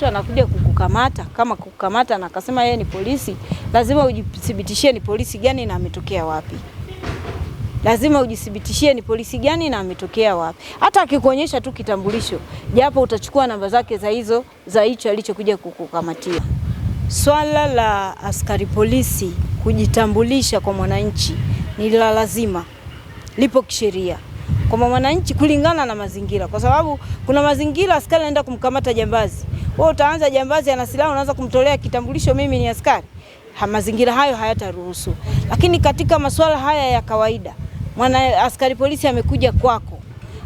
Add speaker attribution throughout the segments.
Speaker 1: mtu anakuja kukukamata, kama kukukamata na akasema yeye ni polisi, lazima ujithibitishie ni polisi gani na ametokea wapi. Lazima ujithibitishie ni polisi gani na ametokea wapi. Hata akikuonyesha tu kitambulisho, japo utachukua namba zake za hizo za hicho alichokuja kukukamatia.
Speaker 2: Swala la askari polisi kujitambulisha kwa mwananchi ni la lazima, lipo kisheria kwa mwananchi kulingana na mazingira, kwa sababu kuna mazingira askari anaenda kumkamata jambazi, wewe utaanza jambazi ana silaha unaanza kumtolea kitambulisho, mimi ni askari ha, mazingira hayo hayataruhusu. Lakini katika masuala haya ya kawaida, mwana askari polisi amekuja kwako,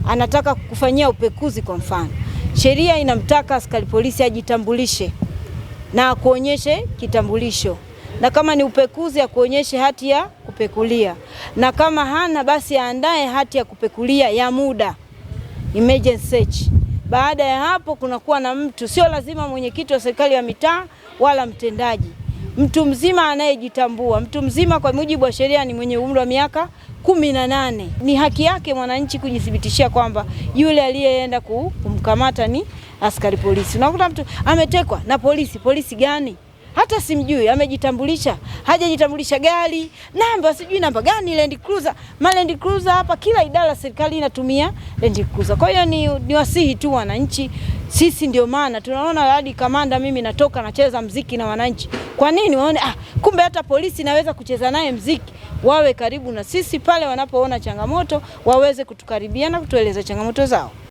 Speaker 2: anataka kukufanyia upekuzi, kwa mfano, sheria inamtaka askari polisi ajitambulishe na akuonyeshe kitambulisho, na kama ni upekuzi akuonyeshe hati ya kupekulia, na kama hana basi aandae hati ya kupekulia ya muda, emergency search. Baada ya hapo, kunakuwa na mtu, sio lazima mwenyekiti wa serikali ya mitaa wala mtendaji, mtu mzima anayejitambua. Mtu mzima kwa mujibu wa sheria ni mwenye umri wa miaka kumi na nane. Ni haki yake mwananchi kujithibitishia kwamba yule aliyeenda kumkamata ni askari polisi. Unakuta mtu ametekwa na polisi, polisi gani? hata simjui, amejitambulisha hajajitambulisha, gari namba sijui namba gani, Land Cruiser ma Land Cruiser hapa, kila idara serikali inatumia Land Cruiser. Kwa hiyo ni, ni wasihi tu wananchi, sisi ndio maana tunaona hadi kamanda, mimi natoka nacheza mziki na wananchi. Kwa nini waone, ah, kumbe hata polisi naweza kucheza naye mziki. Wawe karibu na sisi pale wanapoona changamoto, waweze kutukaribia na kutueleza changamoto zao.